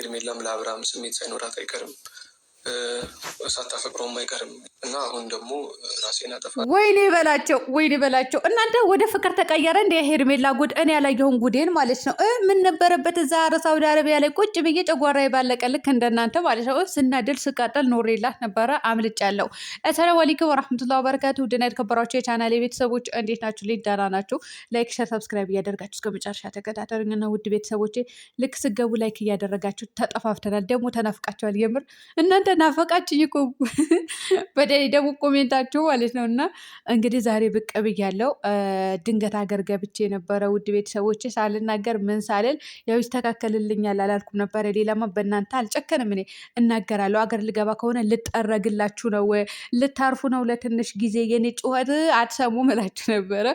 ለሄርሜላም ለአብርሃም ስሜት ሳይኖራት አይቀርም። ሳታፈቅረውም አይቀርም እና አሁን ደግሞ ራሴን አጠፋ። ወይኔ በላቸው፣ ወይኔ በላቸው። እናንተ ወደ ፍቅር ተቀየረ እንደ ሄርሜላ ጉድ። እኔ ያላየሁን ጉዴን ማለት ነው። ምን ነበረበት እዛ ሳውዲ አረቢያ ላይ ቁጭ ብዬ ጨጓራ የባለቀ ልክ እንደናንተ ማለት ነው። ስናድል ስቃጠል ኖሬላት ነበረ፣ አምልጫለሁ። ሰላም አለይኩም ወራህመቱላ ወበረካቱ። ውድና የተከበራችሁ የቻናል ቤተሰቦች እንዴት ናችሁ? ሊዳና ናችሁ። ላይክ፣ ሸር፣ ሰብስክራይብ እያደረጋችሁ እስከ መጨረሻ ተከታተሉኝና ውድ ቤተሰቦቼ ልክ ስገቡ ላይክ እያደረጋችሁ ተጠፋፍተናል። ደግሞ ተናፍቃቸዋል የምር እናንተ እናንተ ናፈቃችኝ እኮ በተለይ ደግሞ ኮሜንታችሁ ማለት ነው። እና እንግዲህ ዛሬ ብቅ ብያለሁ። ድንገት ሀገር ገብቼ የነበረ ውድ ቤተሰቦች ሳልናገር ምን ሳልል ያው ይስተካከልልኛል አላልኩም ነበረ። ሌላማ በእናንተ አልጨከንም። እኔ እናገራለሁ። አገር ልገባ ከሆነ ልጠረግላችሁ ነው፣ ልታርፉ ነው ለትንሽ ጊዜ። የኔ ጩኸት አትሰሙም እላችሁ ነበረ።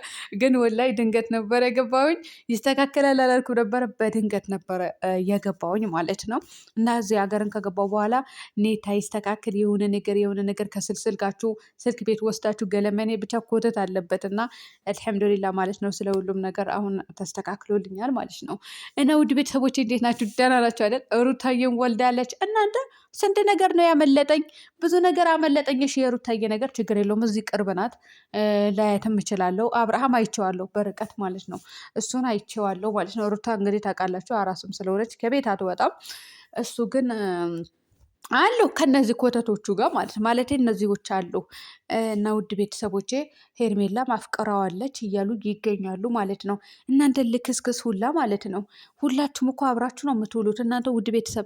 ግን ወላይ ድንገት ነበረ የገባሁኝ። ይስተካከላል አላልኩም ነበረ። በድንገት ነበረ የገባሁኝ ማለት ነው እና እዚህ ሀገርን ከገባሁ በኋላ ኔት ይስተካከል የሆነ ነገር የሆነ ነገር ከስልስልጋችሁ ስልክ ቤት ወስዳችሁ ገለመኔ ብቻ ኮተት አለበት እና አልሐምዱሊላ ማለት ነው። ስለ ሁሉም ነገር አሁን ተስተካክሎልኛል ማለት ነው። እና ውድ ቤተሰቦች እንዴት ናችሁ? ደህና ናችሁ አይደል? ሩታዬን ወልዳለች። እናንተ ስንት ነገር ነው ያመለጠኝ፣ ብዙ ነገር አመለጠኝ። እሺ የሩታዬ ነገር ችግር የለውም እዚህ ቅርብ ናት፣ ላያትም እችላለሁ። አብርሃም አይቼዋለሁ በርቀት ማለት ነው። እሱን አይቼዋለሁ ማለት ነው። ሩታ እንግዲህ ታውቃላችሁ አራሱም ስለሆነች ከቤት አትወጣም። እሱ ግን አሉ ከነዚህ ኮተቶቹ ጋር ማለት ማለት ማለቴ እነዚህዎች አሉ እና ውድ ቤተሰቦቼ ሄርሜላ ማፍቀረዋለች እያሉ ይገኛሉ ማለት ነው። እናንተ ልክስክስ ሁላ ማለት ነው። ሁላችሁም እኮ አብራችሁ ነው የምትውሉት። እናንተ ውድ ቤተሰብ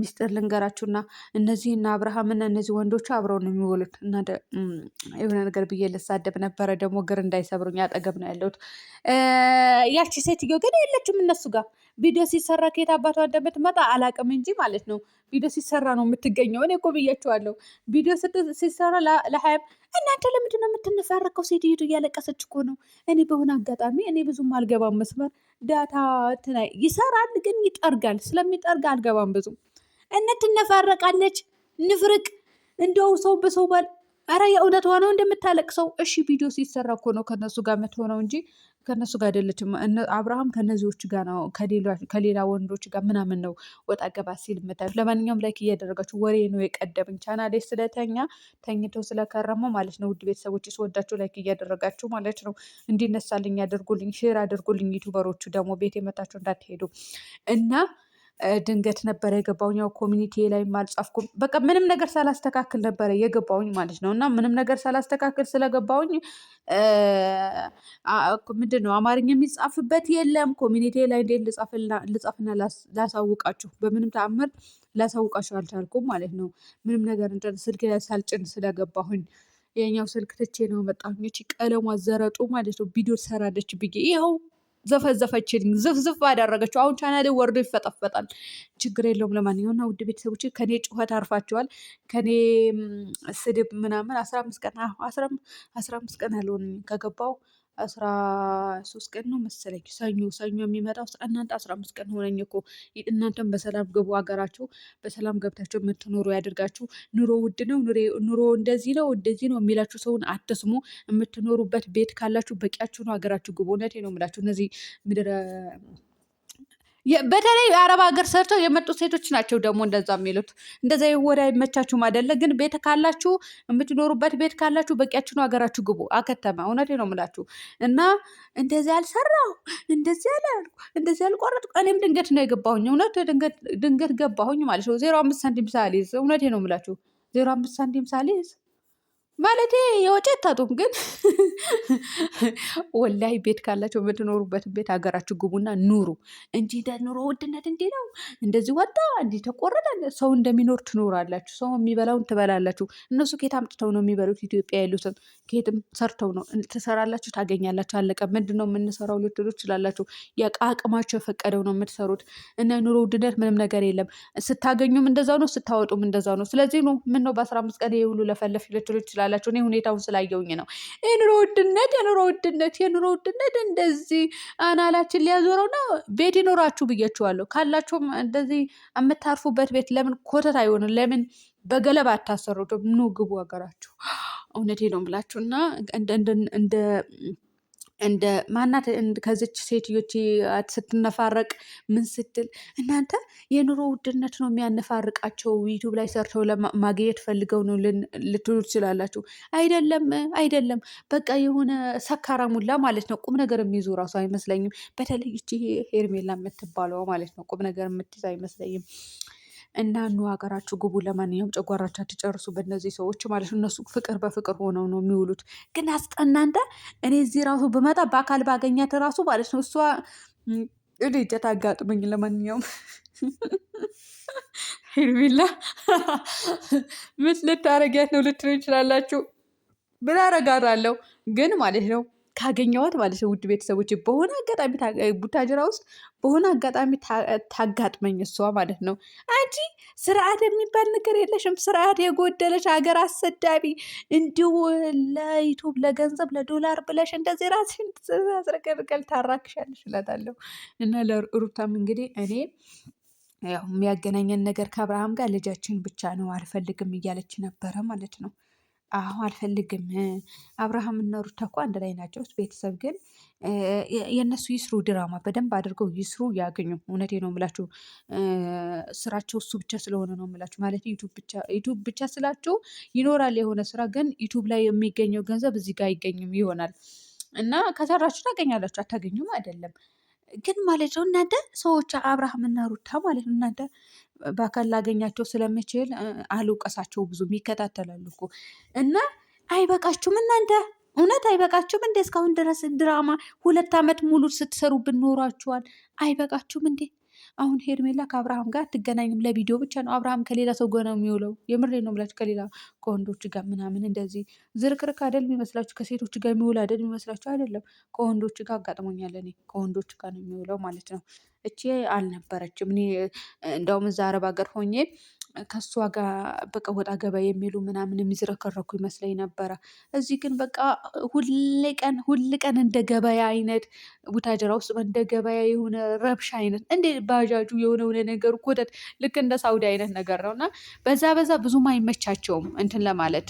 ሚስጥር ልንገራችሁና እነዚህና አብርሃምና እነዚህ ወንዶቹ አብረው ነው የሚውሉት። እናንተ የሆነ ነገር ብዬ ልሳደብ ነበረ ደግሞ ግር እንዳይሰብሩኝ አጠገብ ነው ያለሁት። ያቺ ሴትዮ ግን የለችም እነሱ ጋር ቪዲዮ ሲሰራ ከየት አባቷ እንደምትመጣ አላቅም እንጂ ማለት ነው። ቪዲዮ ሲሰራ ነው የምትገኘው። እኔ እኮ ብያቸዋለሁ። ቪዲዮ ሲሰራ ለሀያም እናንተ ለምንድን ነው የምትነፋረከው? ሴትዮቱ እያለቀሰች እኮ ነው። እኔ በሆነ አጋጣሚ እኔ ብዙም አልገባም መስመር ዳታ እንትና ይሰራል ግን ይጠርጋል። ስለሚጠርግ አልገባም ብዙም እነ ትነፋረቃለች። ንፍርቅ እንደው ሰው በሰው ባል አረ የእውነት ሆነው እንደምታለቅሰው እሺ፣ ቪዲዮ ሲሰራ እኮ ነው ከነሱ ጋር የምትሆነው እንጂ ከእነሱ ጋር አይደለችም። አብርሃም ከእነዚዎች ጋር ነው ከሌላ ወንዶች ጋር ምናምን ነው ወጣ ገባ ሲል የምታዩት። ለማንኛውም ላይክ እያደረጋችሁ ወሬ ነው ቻና ቻናሌ ስለተኛ ተኝተው ስለከረመው ማለት ነው። ውድ ቤተሰቦች ስወዳችሁ ላይክ እያደረጋችሁ ማለት ነው እንዲነሳልኝ አድርጉልኝ፣ ሼር አድርጉልኝ። ዩቱበሮቹ ደግሞ ቤት የመጣችሁ እንዳትሄዱ እና ድንገት ነበረ የገባውኝ። ያው ኮሚኒቲ ላይ አልጻፍኩም። በቃ ምንም ነገር ሳላስተካክል ነበረ የገባውኝ ማለት ነው። እና ምንም ነገር ሳላስተካክል ስለገባውኝ ምንድን ነው አማርኛ የሚጻፍበት የለም። ኮሚኒቲ ላይ እንዴት ልጻፍና ላሳውቃችሁ፣ በምንም ተአምር ላሳውቃችሁ አልቻልኩም ማለት ነው። ምንም ነገር እንትን ስልክ ሳልጭን ስለገባሁኝ የኛው ስልክ ትቼ ነው መጣሁኝ። ቀለሟ ዘረጡ ማለት ነው። ቪዲዮ ትሰራለች ብዬ ይኸው ዘፈዘፈችልኝ፣ ዝፍዝፍ አዳረገችው። አሁን ቻናሌ ወርዶ ይፈጠፈጣል። ችግር የለውም። ለማንኛውም ውድ ቤተሰቦች ከኔ ጩኸት አርፋችኋል። ከኔ ስድብ ምናምን አስራ አምስት ቀን አስራ አምስት ቀን አልሆነኝም ከገባው አስራ ሶስት ቀን ነው መሰለኝ ሰኞ ሰኞ የሚመጣው እናንተ አስራ አምስት ቀን ሆነኝ እኮ እናንተም በሰላም ግቡ ሀገራችሁ በሰላም ገብታችሁ የምትኖሩ ያደርጋችሁ ኑሮ ውድ ነው፣ ኑሮ እንደዚህ ነው እንደዚህ ነው የሚላችሁ ሰውን አትስሙ። የምትኖሩበት ቤት ካላችሁ በቂያችሁ ነው፣ ሀገራችሁ ግቡ። እውነቴ ነው የምላችሁ እነዚህ ምድረ በተለይ የአረብ ሀገር ሰርተው የመጡ ሴቶች ናቸው ደግሞ እንደዛ የሚሉት። እንደዛ ወደ አይመቻችሁም አይደለ? ግን ቤት ካላችሁ የምትኖሩበት ቤት ካላችሁ በቂያችሁ ነው፣ ሀገራችሁ ግቡ። አከተመ። እውነቴ ነው ምላችሁ። እና እንደዚህ አልሰራው እንደዚህ አላል እንደዚህ አልቆረጥ። እኔም ድንገት ነው የገባሁኝ። እውነት ድንገት ገባሁኝ ማለት ነው። ዜሮ አምስት ሳንቲም ሳልይዝ እውነቴ ነው ምላችሁ፣ ዜሮ አምስት ሳንቲም ሳልይዝ ማለት የወጪ አታጡም፣ ግን ወላይ ቤት ካላቸው በተኖሩበት ቤት ሀገራችሁ ግቡና ኑሩ እንጂ ኑሮ ውድነት እንዲህ ነው፣ እንደዚህ ወጣ፣ እንዲህ ተቆረጠ። ሰው እንደሚኖር ትኖራላችሁ። ሰው የሚበላውን ትበላላችሁ። እነሱ ኬት አምጥተው ነው የሚበሉት? ኢትዮጵያ ያሉትን ኬትም ሰርተው ነው። ትሰራላችሁ፣ ታገኛላችሁ። አለቀ። ምንድን ነው የምንሰራው ልትሉ ትችላላችሁ። አቅማቸው የፈቀደው ነው የምትሰሩት። እነ ኑሮ ውድነት ምንም ነገር የለም። ስታገኙም እንደዛው ነው፣ ስታወጡም እንደዛው ነው። ስለዚህ ነው ምን ነው በአስራ አምስት ቀን የውሉ ለፈለፍ ልትሉ ይችላል ትችላላችሁ። እኔ ሁኔታውን ስላየውኝ ነው። የኑሮ ውድነት የኑሮ ውድነት የኑሮ ውድነት እንደዚህ አናላችን ሊያዞረው ነው። ቤት ይኖራችሁ ብያችኋለሁ። ካላችሁም እንደዚህ የምታርፉበት ቤት ለምን ኮተት አይሆንም? ለምን በገለባ አታሰሩትም? ኑ ግቡ ሀገራችሁ። እውነቴ ነው የምላችሁ እና እንደ እንደ ማናት ከዚች ሴትዮች ስትነፋረቅ ምን ስትል እናንተ የኑሮ ውድነት ነው የሚያነፋርቃቸው። ዩቱብ ላይ ሰርተው ማግኘት ፈልገው ነው ልትሉ ትችላላችሁ። አይደለም አይደለም፣ በቃ የሆነ ሰካራ ሙላ ማለት ነው። ቁም ነገር የሚይዙ ራሱ አይመስለኝም። በተለይ ይቺ ሄርሜላ የምትባለው ማለት ነው ቁም ነገር የምትይዝ አይመስለኝም። እና ኑ ሀገራችሁ ግቡ። ለማንኛውም ጨጓራችሁ አትጨርሱ በእነዚህ ሰዎች ማለት ነው። እነሱ ፍቅር በፍቅር ሆነው ነው የሚውሉት። ግን አስጠናንተ እኔ እዚህ ራሱ ብመጣ በአካል ባገኛት ራሱ ማለት ነው እሷ እኔ እጀት አጋጥመኝ። ለማንኛውም ሄርሜላ ምስ ልታረጊያት ነው ልትሉ ይችላላችሁ። ብላ ግን ማለት ነው ካገኘዋት ማለት ነው። ውድ ቤተሰቦች በሆነ አጋጣሚ ቡታጅራ ውስጥ በሆነ አጋጣሚ ታጋጥመኝ እሷ ማለት ነው። አንቺ ስርዓት የሚባል ነገር የለሽም፣ ስርዓት የጎደለሽ ሀገር አሰዳቢ፣ እንዲሁ ለዩቱብ ለገንዘብ ለዶላር ብለሽ እንደዚህ ራስሽን አስረቀርቀል ታራክሻለሽ እላታለሁ። እና ለሩታም እንግዲህ እኔ ያው የሚያገናኘን ነገር ከአብርሃም ጋር ልጃችን ብቻ ነው አልፈልግም እያለች ነበረ ማለት ነው። አዎ አልፈልግም። አብርሃም እና ሩታ እኮ አንድ ላይ ናቸው። ቤተሰብ ግን የእነሱ ይስሩ ድራማ በደንብ አድርገው ይስሩ ያገኙ። እውነቴ ነው የምላችሁ። ስራቸው እሱ ብቻ ስለሆነ ነው የምላችሁ። ማለት ዩቱብ ብቻ ዩቱብ ብቻ ስላችሁ ይኖራል የሆነ ስራ ግን ዩቱብ ላይ የሚገኘው ገንዘብ እዚህ ጋር አይገኝም ይሆናል። እና ከሰራችሁ ታገኛላችሁ አታገኙም አይደለም። ግን ማለት ነው እናንተ ሰዎች አብርሃም እና ሩታ ማለት ነው እናንተ በአካል ላገኛቸው ስለምችል አልውቀሳቸው ብዙም ይከታተላሉ እኮ እና አይበቃችሁም እናንተ እውነት አይበቃችሁም እንዴ? እስካሁን ድረስ ድራማ ሁለት ዓመት ሙሉ ስትሰሩብን ኖሯችኋል። አይበቃችሁም እንዴ? አሁን ሄርሜላ ከአብርሃም ጋር አትገናኝም። ለቪዲዮ ብቻ ነው። አብርሃም ከሌላ ሰው ነው የሚውለው የምሬ ነው ብላችሁ ከሌላ ከወንዶች ጋር ምናምን እንደዚህ ዝርክርክ አይደል የሚመስላችሁ? ከሴቶች ጋር የሚውል አይደል የሚመስላችሁ? አይደለም። ከወንዶች ጋር አጋጥሞኛል። እኔ ከወንዶች ጋር ነው የሚውለው ማለት ነው። እቺ አልነበረችም። እኔ እንደውም እዛ አረብ ሀገር ሆኜ ከእሷ ጋር በቃ ወጣ ገባ የሚሉ ምናምን የሚዝረከረኩ ይመስለኝ ነበረ። እዚህ ግን በቃ ሁሌ ቀን ሁል ቀን እንደ ገበያ አይነት ቡታጀራ ውስጥ እንደ ገበያ የሆነ ረብሻ አይነት እንዴ ባጃጁ የሆነ ነገር ጎተት ልክ እንደ ሳውዲ አይነት ነገር ነው እና በዛ በዛ ብዙም አይመቻቸውም እንትን ለማለት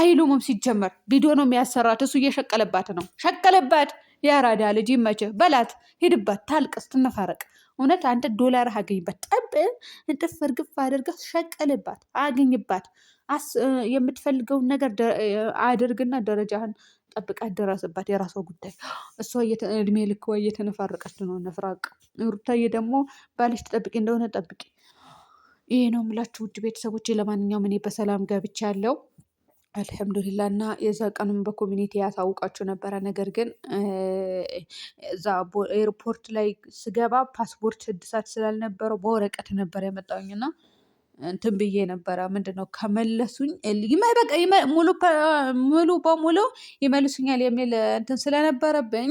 አይሉምም ሲጀመር ቪዲዮ ነው የሚያሰራት እሱ እየሸቀለባት ነው ሸቀለባት የአራዳ ልጅ ይመችህ በላት ሂድባት ታልቅስ ትነፋረቅ እውነት አንተ ዶላር አገኝባት ጠብ እንጥፍ እርግፍ አድርገህ ሸቀልባት፣ አገኝባት፣ የምትፈልገውን ነገር አድርግና ደረጃህን ጠብቃ ደረስባት። የራሷ ጉዳይ። እሷ እድሜ ልክ ወይ እየተነፋረቀች ነው። ነፍራቅ ሩታዬ ደግሞ ባልሽ ተጠብቂ እንደሆነ ጠብቂ። ይሄ ነው የምላችሁ ውድ ቤተሰቦች። ለማንኛውም እኔ በሰላም ገብቻለሁ። አልሐምዱሊላ እና የዛ ቀንም በኮሚኒቲ ያሳውቃቸው ነበረ። ነገር ግን እዛ ኤርፖርት ላይ ስገባ ፓስፖርት እድሳት ስላልነበረው በወረቀት ነበር የመጣውኝ እና እንትን ብዬ ነበረ። ምንድን ነው ከመለሱኝ በቃ ሙሉ በሙሉ ይመልሱኛል የሚል እንትን ስለነበረብኝ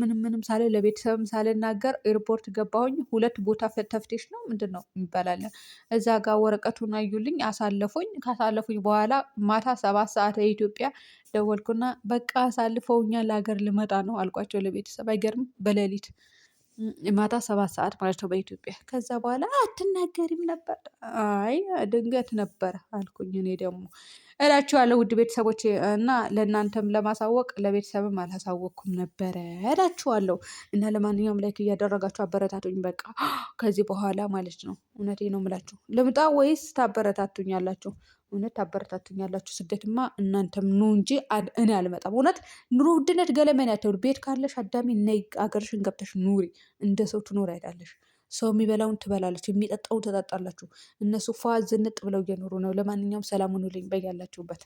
ምንም ምንም ሳለ ለቤተሰብም ሳልናገር ኤርፖርት ገባሁኝ። ሁለት ቦታ ተፍቴሽ ነው ምንድን ነው እንበላለን። እዛ ጋር ወረቀቱን አዩልኝ፣ አሳለፉኝ። ካሳለፉኝ በኋላ ማታ ሰባት ሰዓት የኢትዮጵያ ደወልኩና በቃ አሳልፈውኛ ለሀገር ልመጣ ነው አልኳቸው ለቤተሰብ። አይገርም በሌሊት ማታ ሰባት ሰዓት ማለት ነው በኢትዮጵያ። ከዛ በኋላ አትናገሪም ነበር። አይ ድንገት ነበረ አልኩኝ እኔ ደግሞ እላችኋለሁ ውድ ቤተሰቦች እና ለእናንተም ለማሳወቅ ለቤተሰብም አላሳወቅኩም ነበረ እላችኋለሁ። እና ለማንኛውም ላይክ እያደረጋችሁ አበረታቱኝ በቃ ከዚህ በኋላ ማለት ነው። እውነቴ ነው የምላችሁ ልምጣ ወይስ ታበረታቱኛላችሁ? እውነት ታበረታቱኛላችሁ። ስደትማ እናንተም ኑ እንጂ እኔ አልመጣም። እውነት ኑሮ ውድነት ገለመን ያተውል ቤት ካለሽ አዳሚ ነይ አገርሽን ገብተሽ ኑሪ። እንደ ሰው ትኖር አይዳለሽ። ሰው የሚበላውን ትበላለች፣ የሚጠጣውን ትጠጣላችሁ። እነሱ ፏ ዝንጥ ብለው እየኖሩ ነው። ለማንኛውም ሰላሙን ልኝ በያላችሁበት